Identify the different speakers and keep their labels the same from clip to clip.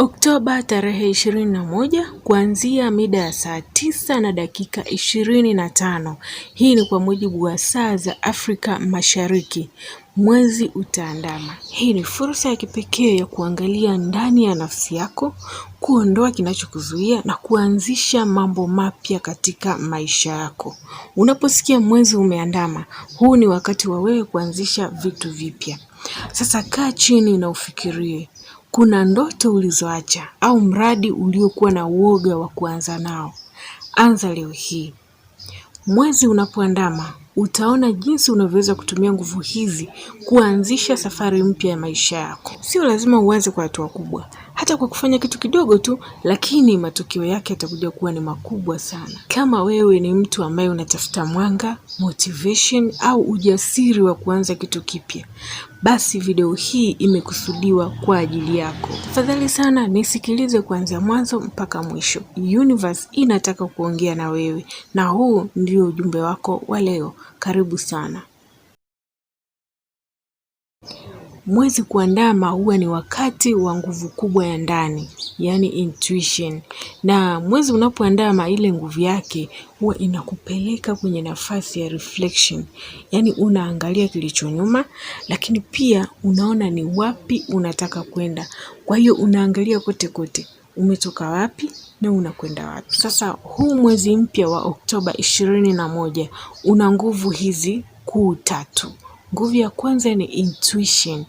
Speaker 1: Oktoba tarehe ishirini na moja kuanzia mida ya saa tisa na dakika ishirini na tano. Hii ni kwa mujibu wa saa za Afrika Mashariki. Mwezi utaandama. Hii ni fursa ya kipekee ya kuangalia ndani ya nafsi yako, kuondoa kinachokuzuia na kuanzisha mambo mapya katika maisha yako. Unaposikia mwezi umeandama, huu ni wakati wa wewe kuanzisha vitu vipya. Sasa kaa chini na ufikirie kuna ndoto ulizoacha au mradi uliokuwa na uoga wa kuanza nao, anza leo hii. Mwezi unapoandama, utaona jinsi unavyoweza kutumia nguvu hizi kuanzisha safari mpya ya maisha yako. Sio lazima uanze kwa hatua kubwa, hata kwa kufanya kitu kidogo tu, lakini matokeo yake yatakuja kuwa ni makubwa sana. Kama wewe ni mtu ambaye unatafuta mwanga, motivation au ujasiri wa kuanza kitu kipya, basi video hii imekusudiwa kwa ajili yako. Tafadhali sana nisikilize kuanzia mwanzo mpaka mwisho. Universe inataka kuongea na wewe, na huu ndio ujumbe wako wa leo. Karibu sana. Mwezi kuandama huwa ni wakati wa nguvu kubwa ya ndani, yani intuition. Na mwezi unapoandama ile nguvu yake huwa inakupeleka kwenye nafasi ya reflection, yani unaangalia kilicho nyuma, lakini pia unaona ni wapi unataka kwenda. Kwa hiyo unaangalia kote kote, umetoka wapi na unakwenda wapi. Sasa huu mwezi mpya wa Oktoba ishirini na moja una nguvu hizi kuu tatu. Nguvu ya kwanza ni intuition.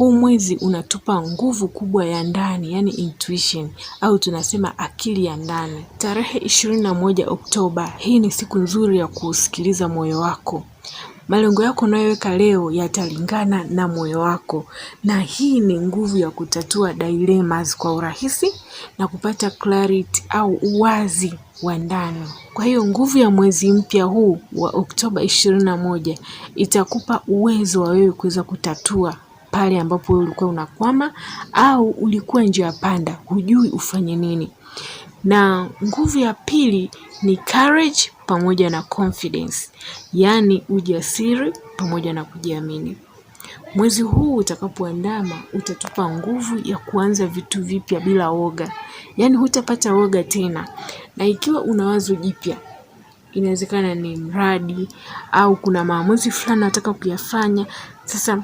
Speaker 1: Huu mwezi unatupa nguvu kubwa ya ndani, yani intuition au tunasema akili ya ndani. Tarehe ishirini na moja Oktoba, hii ni siku nzuri ya kusikiliza moyo wako. Malengo yako unayoweka leo yatalingana na moyo wako, na hii ni nguvu ya kutatua dilemmas kwa urahisi na kupata clarity au uwazi wa ndani. Kwa hiyo nguvu ya mwezi mpya huu wa Oktoba ishirini na moja itakupa uwezo wa wewe kuweza kutatua pale ambapo ulikuwa unakwama au ulikuwa njia panda, hujui ufanye nini. Na nguvu ya pili ni courage pamoja na confidence, yaani ujasiri pamoja na kujiamini. Mwezi huu utakapoandama utatupa nguvu ya kuanza vitu vipya bila woga, yaani hutapata woga tena. Na ikiwa una wazo jipya, inawezekana ni mradi au kuna maamuzi fulani unataka kuyafanya, sasa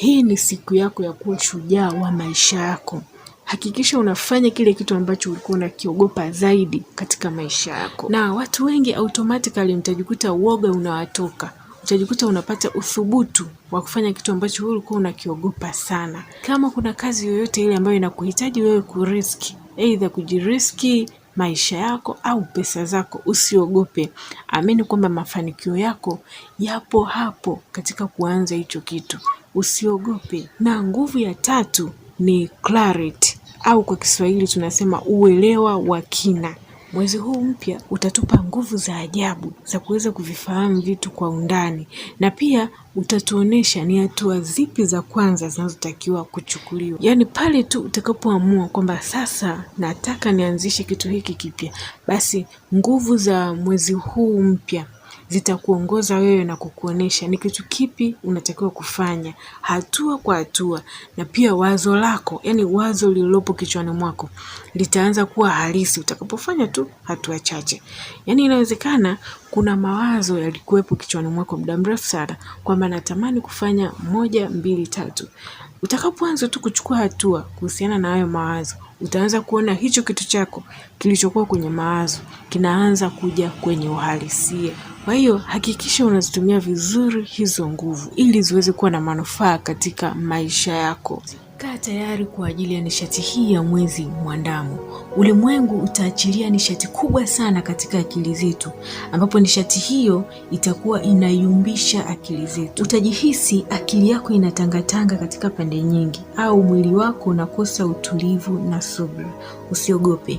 Speaker 1: hii ni siku yako ya kuwa shujaa wa maisha yako. Hakikisha unafanya kile kitu ambacho ulikuwa unakiogopa zaidi katika maisha yako, na watu wengi automatically mtajikuta uoga unawatoka utajikuta unapata uthubutu wa kufanya kitu ambacho wewe ulikuwa unakiogopa sana. Kama kuna kazi yoyote ile ambayo inakuhitaji wewe kuriski, aidha kujiriski maisha yako au pesa zako, usiogope. Amini kwamba mafanikio yako yapo hapo katika kuanza hicho kitu usiogope, na nguvu ya tatu ni clarity au kwa Kiswahili tunasema uelewa wa kina. Mwezi huu mpya utatupa nguvu za ajabu za kuweza kuvifahamu vitu kwa undani, na pia utatuonesha ni hatua zipi za kwanza zinazotakiwa kuchukuliwa. Yaani pale tu utakapoamua kwamba sasa nataka nianzishe kitu hiki kipya, basi nguvu za mwezi huu mpya zitakuongoza wewe na kukuonesha ni kitu kipi unatakiwa kufanya hatua kwa hatua, na pia wazo lako, yani wazo lililopo kichwani mwako litaanza kuwa halisi utakapofanya tu hatua chache. Yani inawezekana kuna mawazo yalikuwepo kichwani mwako muda mrefu sana kwamba natamani kufanya moja, mbili, tatu. Utakapoanza tu kuchukua hatua kuhusiana na hayo mawazo, utaanza kuona hicho kitu chako kilichokuwa kwenye mawazo kinaanza kuja kwenye uhalisia. Kwa hiyo hakikisha unazitumia vizuri hizo nguvu ili ziweze kuwa na manufaa katika maisha yako. Kaa tayari kwa ajili ya nishati hii ya mwezi mwandamo. Ulimwengu utaachilia nishati kubwa sana katika akili zetu, ambapo nishati hiyo itakuwa inayumbisha akili zetu. Utajihisi akili yako inatangatanga katika pande nyingi, au mwili wako unakosa utulivu na subira. Usiogope,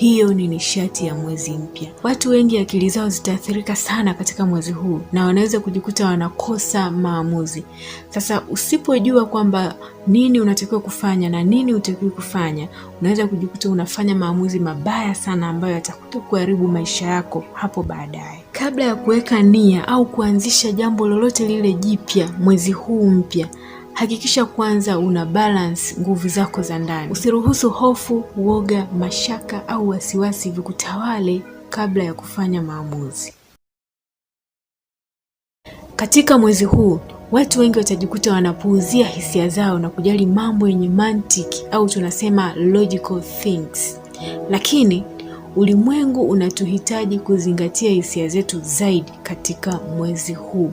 Speaker 1: hiyo ni nishati ya mwezi mpya. Watu wengi akili zao zitaathirika sana katika mwezi huu na wanaweza kujikuta wanakosa maamuzi. Sasa usipojua kwamba nini unatakiwa kufanya na nini utakiwa kufanya, unaweza kujikuta unafanya maamuzi mabaya sana ambayo yatakuta kuharibu maisha yako hapo baadaye. Kabla ya kuweka nia au kuanzisha jambo lolote lile jipya mwezi huu mpya Hakikisha kwanza una balance nguvu zako za ndani. Usiruhusu hofu, uoga, mashaka au wasiwasi vikutawale kabla ya kufanya maamuzi. Katika mwezi huu watu wengi watajikuta wanapuuzia hisia zao na kujali mambo yenye mantiki au tunasema logical things, lakini ulimwengu unatuhitaji kuzingatia hisia zetu zaidi katika mwezi huu.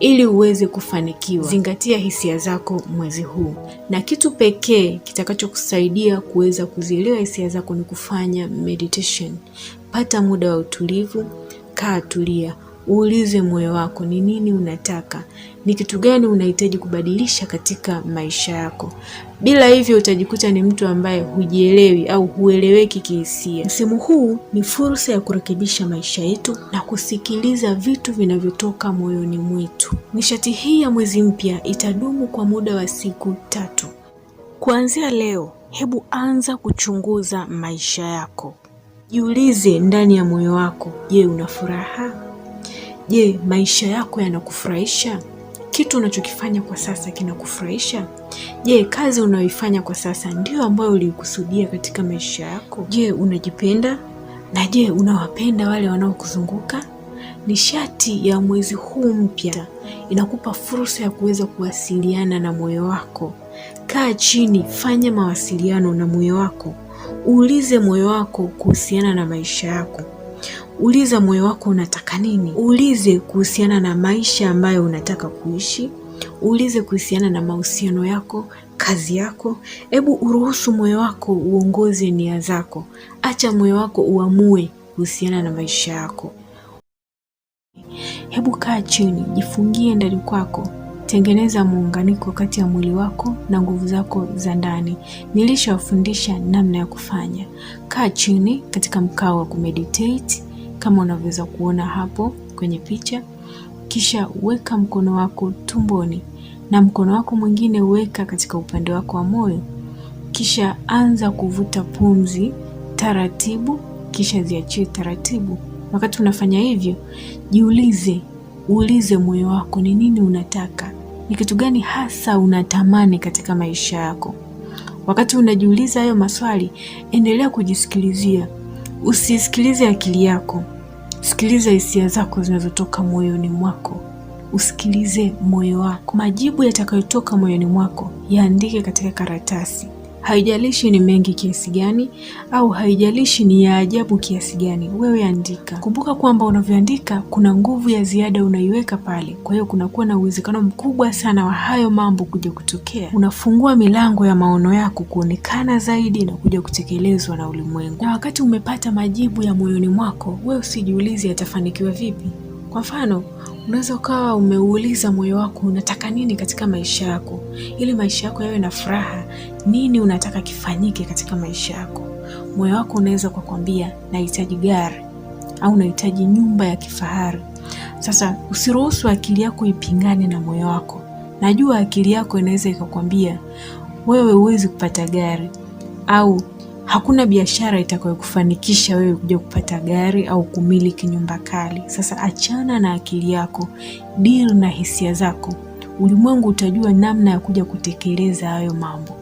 Speaker 1: Ili uweze kufanikiwa, zingatia hisia zako mwezi huu, na kitu pekee kitakachokusaidia kuweza kuzielewa hisia zako ni kufanya meditation. Pata muda wa utulivu, kaa tulia Uulize moyo wako ni nini unataka, ni kitu gani unahitaji kubadilisha katika maisha yako. Bila hivyo, utajikuta ni mtu ambaye hujielewi au hueleweki kihisia. Msimu huu ni fursa ya kurekebisha maisha yetu na kusikiliza vitu vinavyotoka moyoni mwetu. Nishati hii ya mwezi mpya itadumu kwa muda wa siku tatu. Kuanzia leo, hebu anza kuchunguza maisha yako. Jiulize ndani ya moyo wako, je, una furaha? Je, maisha yako yanakufurahisha? Kitu unachokifanya kwa sasa kinakufurahisha? Je, kazi unayoifanya kwa sasa ndiyo ambayo uliikusudia katika maisha yako? Je, unajipenda? Na je, unawapenda wale wanaokuzunguka? Nishati ya mwezi huu mpya inakupa fursa ya kuweza kuwasiliana na moyo wako. Kaa chini, fanya mawasiliano na moyo wako, uulize moyo wako kuhusiana na maisha yako. Uliza moyo wako unataka nini. Uulize kuhusiana na maisha ambayo unataka kuishi. Uulize kuhusiana na mahusiano yako, kazi yako. Hebu uruhusu moyo wako uongoze nia zako, acha moyo wako uamue kuhusiana na maisha yako. Hebu kaa chini, jifungie ndani kwako. Tengeneza muunganiko kati ya mwili wako na nguvu zako za ndani. Nilishawafundisha namna ya kufanya. Kaa chini katika mkao wa kumeditate kama unavyoweza kuona hapo kwenye picha, kisha weka mkono wako tumboni na mkono wako mwingine weka katika upande wako wa moyo, kisha anza kuvuta pumzi taratibu, kisha ziachie taratibu. Wakati unafanya hivyo, jiulize, uulize moyo wako ni nini unataka ni kitu gani hasa unatamani katika maisha yako. Wakati unajiuliza hayo maswali, endelea kujisikilizia. Usisikilize akili yako, sikiliza hisia zako zinazotoka moyoni mwako. Usikilize moyo wako. Majibu yatakayotoka moyoni mwako yaandike katika karatasi haijalishi ni mengi kiasi gani au haijalishi ni ya ajabu kiasi gani, wewe andika. Kumbuka kwamba unavyoandika kuna nguvu ya ziada unaiweka pale, kwa hiyo kunakuwa na uwezekano mkubwa sana wa hayo mambo kuja kutokea. Unafungua milango ya maono yako kuonekana zaidi na kuja kutekelezwa na ulimwengu. Na wakati umepata majibu ya moyoni mwako, wewe usijiulize yatafanikiwa vipi. Kwa mfano unaweza ukawa umeuliza moyo wako unataka nini katika maisha yako, ili maisha yako yawe na furaha, nini unataka kifanyike katika maisha yako. Moyo wako unaweza kukwambia nahitaji gari au nahitaji nyumba ya kifahari. Sasa usiruhusu akili yako ipingane na moyo wako. Najua akili yako inaweza ikakwambia wewe huwezi kupata gari au hakuna biashara itakayokufanikisha wewe kuja kupata gari au kumiliki nyumba kali. Sasa achana na akili yako, dil na hisia zako. Ulimwengu utajua namna ya kuja kutekeleza hayo mambo.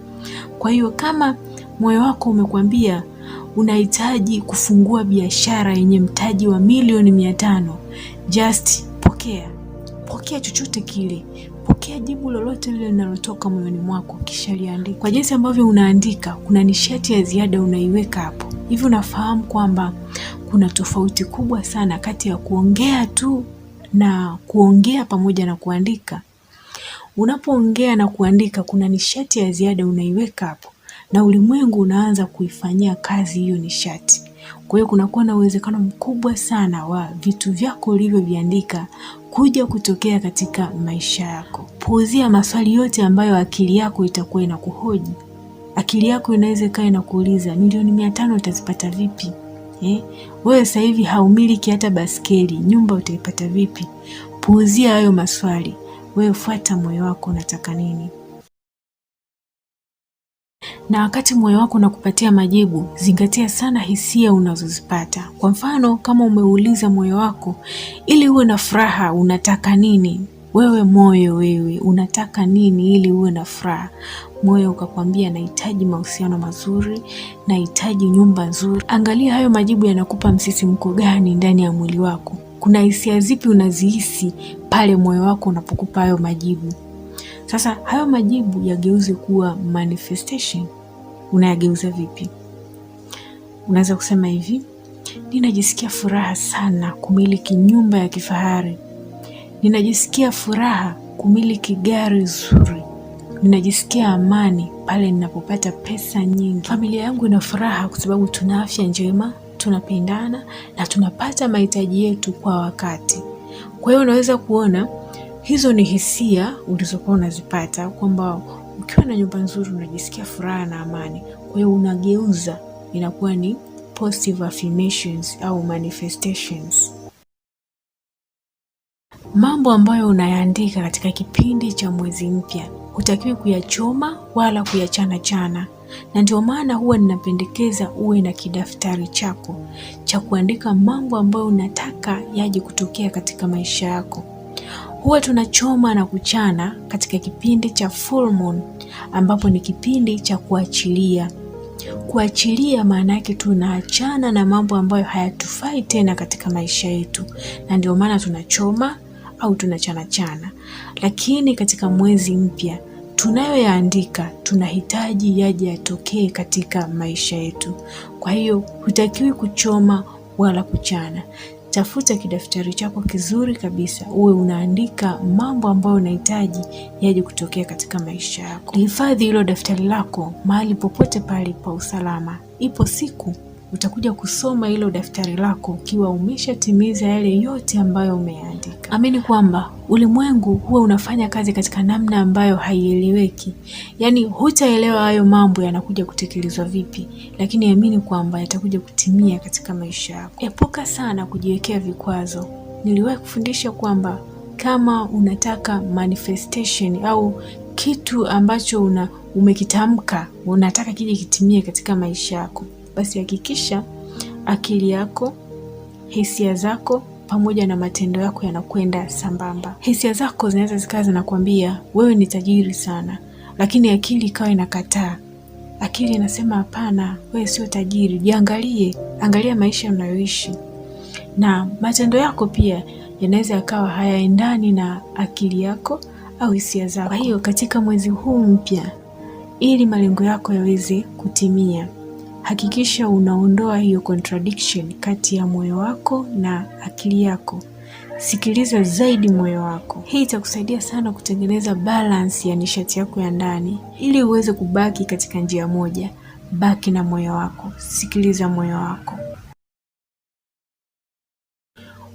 Speaker 1: Kwa hiyo kama moyo wako umekwambia unahitaji kufungua biashara yenye mtaji wa milioni mia tano, just pokea, pokea chochote kile, pokea jibu lolote lile linalotoka moyoni mwako, kisha liandika. Kwa jinsi ambavyo unaandika, kuna nishati ya ziada unaiweka hapo. Hivi unafahamu kwamba kuna tofauti kubwa sana kati ya kuongea tu na kuongea pamoja na kuandika. Unapoongea na kuandika kuna nishati ya ziada unaiweka hapo, na ulimwengu unaanza kuifanyia kazi hiyo nishati. Kwa hiyo kunakuwa na uwezekano mkubwa sana wa vitu vyako ulivyoviandika kuja kutokea katika maisha yako. Puuzia maswali yote ambayo akili yako itakuwa inakuhoji. Akili yako inaweza ikawa inakuuliza milioni mia tano utazipata vipi? Eh, wewe sasa hivi haumiliki hata baskeli, nyumba utaipata vipi? Puuzia hayo maswali wewe fuata moyo wako unataka nini. Na wakati moyo wako unakupatia majibu, zingatia sana hisia unazozipata. Kwa mfano, kama umeuliza moyo wako ili uwe na furaha, unataka nini? Wewe moyo, wewe unataka nini ili uwe na furaha? Moyo ukakwambia nahitaji mahusiano mazuri, nahitaji nyumba nzuri. Angalia hayo majibu yanakupa msisimko gani ndani ya mwili wako kuna hisia zipi unazihisi pale moyo wako unapokupa hayo majibu. Sasa hayo majibu yageuze kuwa manifestation. Unayageuza vipi? Unaweza kusema hivi, ninajisikia furaha sana kumiliki nyumba ya kifahari, ninajisikia furaha kumiliki gari zuri, ninajisikia amani pale ninapopata pesa nyingi, familia yangu ina furaha kwa sababu tuna afya njema tunapendana na tunapata mahitaji yetu kwa wakati. Kwa hiyo unaweza kuona hizo ni hisia ulizokuwa unazipata kwamba ukiwa na nyumba nzuri unajisikia furaha na amani. Kwa hiyo unageuza, inakuwa ni positive affirmations au manifestations. Mambo ambayo unayaandika katika kipindi cha mwezi mpya hutakiwi kuyachoma wala kuyachana chana na ndio maana huwa ninapendekeza uwe na kidaftari chako cha kuandika mambo ambayo unataka yaje kutokea katika maisha yako. Huwa tunachoma na kuchana katika kipindi cha full moon, ambapo ni kipindi cha kuachilia. Kuachilia maana yake tunaachana na mambo ambayo hayatufai tena katika maisha yetu, na ndio maana tunachoma au tunachanachana. Lakini katika mwezi mpya tunayoyaandika tunahitaji yaje yatokee katika maisha yetu. Kwa hiyo hutakiwi kuchoma wala kuchana. Tafuta kidaftari chako kizuri kabisa, uwe unaandika mambo ambayo unahitaji yaje kutokea katika maisha yako. Hifadhi hilo daftari lako mahali popote pale pa usalama. Ipo siku utakuja kusoma hilo daftari lako ukiwa umeshatimiza yale yote ambayo umeandika. Amini kwamba ulimwengu huwa unafanya kazi katika namna ambayo haieleweki, yaani hutaelewa hayo mambo yanakuja kutekelezwa vipi, lakini amini kwamba yatakuja kutimia katika maisha yako. Epuka sana kujiwekea vikwazo. Niliwahi kufundisha kwamba kama unataka manifestation au kitu ambacho una umekitamka unataka kije kitimie katika maisha yako basi hakikisha akili yako, hisia zako pamoja na matendo yako yanakwenda sambamba. Hisia zako zinaweza zikawa zinakwambia wewe ni tajiri sana, lakini akili ikawa inakataa. Akili inasema hapana, wewe sio tajiri, jiangalie, angalia maisha unayoishi. Na matendo yako pia yanaweza yakawa hayaendani na akili yako au hisia zako. Kwa hiyo katika mwezi huu mpya, ili malengo yako yaweze kutimia, Hakikisha unaondoa hiyo contradiction kati ya moyo wako na akili yako. Sikiliza zaidi moyo wako. Hii itakusaidia sana kutengeneza balance ya nishati yako ya ndani. Ili uweze kubaki katika njia moja, baki na moyo wako, sikiliza moyo wako.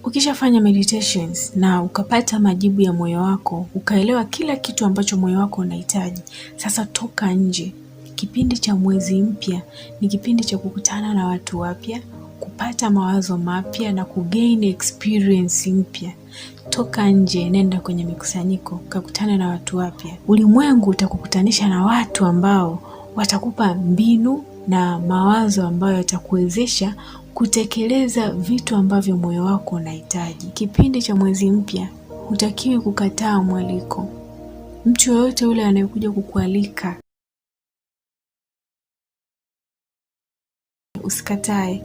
Speaker 1: Ukishafanya meditations na ukapata majibu ya moyo wako, ukaelewa kila kitu ambacho moyo wako unahitaji, sasa toka nje, Kipindi cha mwezi mpya ni kipindi cha kukutana na watu wapya, kupata mawazo mapya na kugain experience mpya. Toka nje, nenda kwenye mikusanyiko, kakutana na watu wapya. Ulimwengu utakukutanisha na watu ambao watakupa mbinu na mawazo ambayo yatakuwezesha kutekeleza vitu ambavyo moyo wako unahitaji. Kipindi cha mwezi mpya hutakiwi kukataa mwaliko. Mtu yoyote yule anayekuja kukualika usikatae.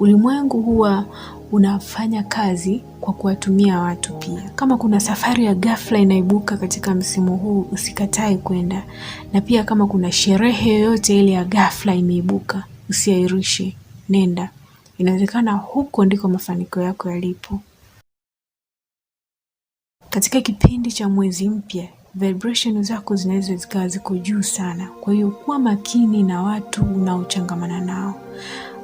Speaker 1: Ulimwengu huwa unafanya kazi kwa kuwatumia watu pia. Kama kuna safari ya ghafla inaibuka katika msimu huu, usikatae kwenda, na pia kama kuna sherehe yoyote ile ya gafla imeibuka, usiairishe, nenda. Inawezekana huko ndiko mafanikio yako yalipo. Katika kipindi cha mwezi mpya vibration zako zinaweza zikawa ziko juu sana. Kwa hiyo kuwa makini na watu unaochangamana nao,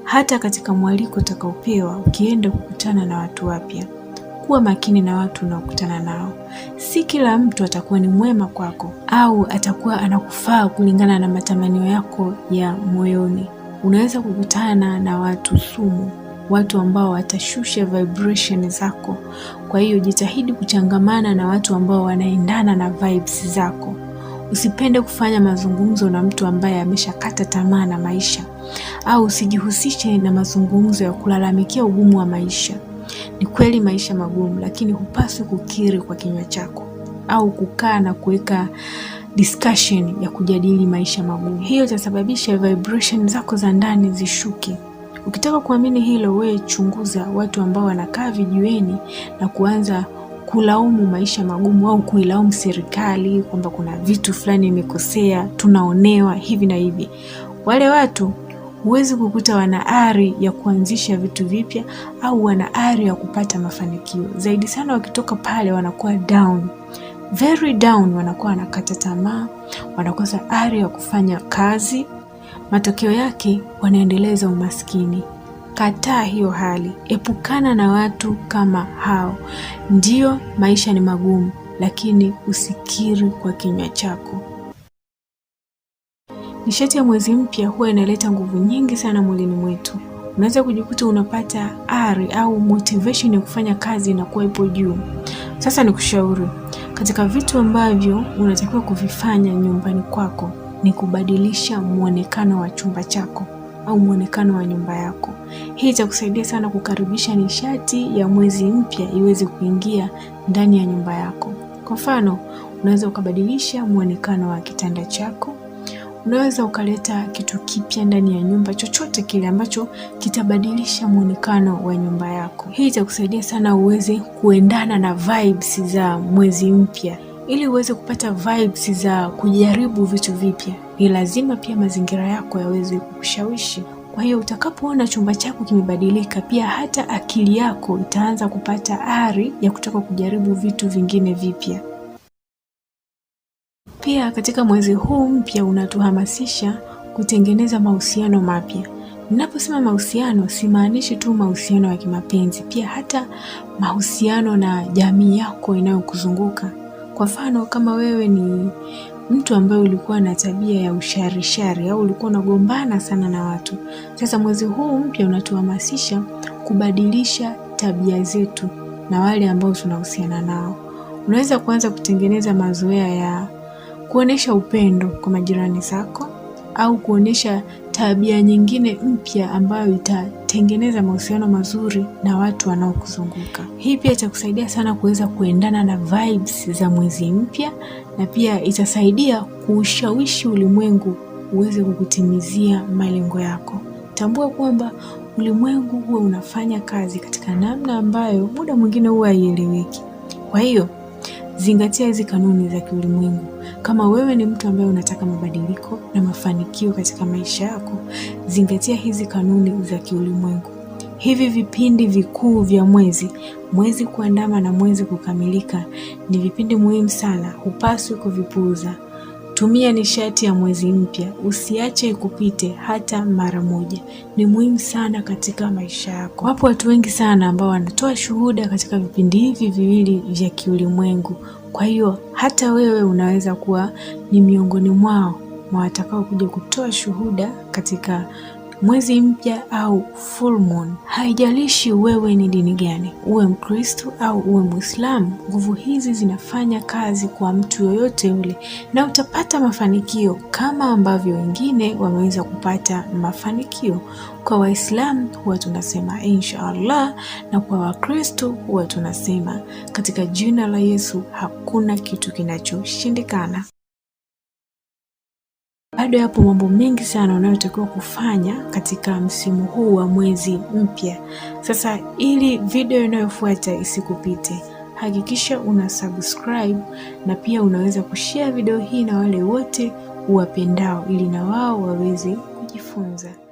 Speaker 1: hata katika mwaliko utakaopewa ukienda kukutana na watu wapya. Kuwa makini na watu unaokutana nao. Si kila mtu atakuwa ni mwema kwako au atakuwa anakufaa kulingana na matamanio yako ya moyoni. Unaweza kukutana na watu sumu, watu ambao watashusha vibration zako, kwa hiyo jitahidi kuchangamana na watu ambao wanaendana na vibes zako. Usipende kufanya mazungumzo na mtu ambaye ameshakata tamaa na maisha, au usijihusishe na mazungumzo ya kulalamikia ugumu wa maisha. Ni kweli maisha magumu, lakini hupaswi kukiri kwa kinywa chako au kukaa na kuweka discussion ya kujadili maisha magumu. Hiyo itasababisha vibration zako za ndani zishuke. Ukitaka kuamini hilo, we chunguza watu ambao wanakaa vijiweni na kuanza kulaumu maisha magumu au kuilaumu serikali kwamba kuna vitu fulani imekosea, tunaonewa hivi na hivi. Wale watu huwezi kukuta wana ari ya kuanzisha vitu vipya au wana ari ya kupata mafanikio zaidi. Sana wakitoka pale wanakuwa down, very down, wanakuwa wanakata tamaa, wanakosa ari ya kufanya kazi. Matokeo yake wanaendeleza umaskini. Kataa hiyo hali, epukana na watu kama hao. Ndiyo, maisha ni magumu, lakini usikiri kwa kinywa chako. Nishati ya mwezi mpya huwa inaleta nguvu nyingi sana mwilini mwetu. Unaweza kujikuta unapata ari au motivation ya kufanya kazi inakuwa ipo juu. Sasa nikushauri katika vitu ambavyo unatakiwa kuvifanya nyumbani kwako ni kubadilisha mwonekano wa chumba chako au mwonekano wa nyumba yako. Hii itakusaidia sana kukaribisha nishati ya mwezi mpya iweze kuingia ndani ya nyumba yako. Kwa mfano, unaweza ukabadilisha mwonekano wa kitanda chako. Unaweza ukaleta kitu kipya ndani ya nyumba, chochote kile ambacho kitabadilisha mwonekano wa nyumba yako. Hii itakusaidia sana uweze kuendana na vibes za mwezi mpya. Ili uweze kupata vibes za kujaribu vitu vipya, ni lazima pia mazingira yako yaweze kukushawishi. Kwa hiyo utakapoona chumba chako kimebadilika, pia hata akili yako itaanza kupata ari ya kutaka kujaribu vitu vingine vipya. Pia katika mwezi huu mpya unatuhamasisha kutengeneza mahusiano mapya. Ninaposema mahusiano, simaanishi tu mahusiano ya kimapenzi, pia hata mahusiano na jamii yako inayokuzunguka. Kwa mfano kama wewe ni mtu ambaye ulikuwa na tabia ya usharishari au ulikuwa unagombana sana na watu, sasa mwezi huu mpya unatuhamasisha kubadilisha tabia zetu na wale ambao tunahusiana nao. Unaweza kuanza kutengeneza mazoea ya kuonesha upendo kwa majirani zako au kuonesha tabia nyingine mpya ambayo itatengeneza mahusiano mazuri na watu wanaokuzunguka. Hii pia itakusaidia sana kuweza kuendana na vibes za mwezi mpya, na pia itasaidia kuushawishi ulimwengu uweze kukutimizia malengo yako. Tambua kwamba ulimwengu huwa unafanya kazi katika namna ambayo muda mwingine huwa haieleweki. Kwa hiyo Zingatia hizi kanuni za kiulimwengu. Kama wewe ni mtu ambaye unataka mabadiliko na mafanikio katika maisha yako, zingatia hizi kanuni za kiulimwengu. Hivi vipindi vikuu vya mwezi, mwezi kuandama na mwezi kukamilika, ni vipindi muhimu sana, hupaswi kuvipuuza. Tumia nishati ya mwezi mpya, usiache ikupite hata mara moja. Ni muhimu sana katika maisha yako. Wapo watu wengi sana ambao wanatoa shuhuda katika vipindi hivi viwili vya kiulimwengu. Kwa hiyo hata wewe unaweza kuwa ni miongoni mwao mwa watakao kuja kutoa shuhuda katika mwezi mpya au full moon. Haijalishi wewe ni dini gani, uwe Mkristo au uwe Mwislamu, nguvu hizi zinafanya kazi kwa mtu yoyote yule, na utapata mafanikio kama ambavyo wengine wameweza kupata mafanikio. Kwa Waislamu huwa tunasema insha Allah, na kwa Wakristo huwa tunasema katika jina la Yesu hakuna kitu kinachoshindikana. Bado yapo mambo mengi sana unayotakiwa kufanya katika msimu huu wa mwezi mpya. Sasa ili video inayofuata isikupite, hakikisha una subscribe na pia unaweza kushare video hii na wale wote uwapendao, ili na wao waweze kujifunza.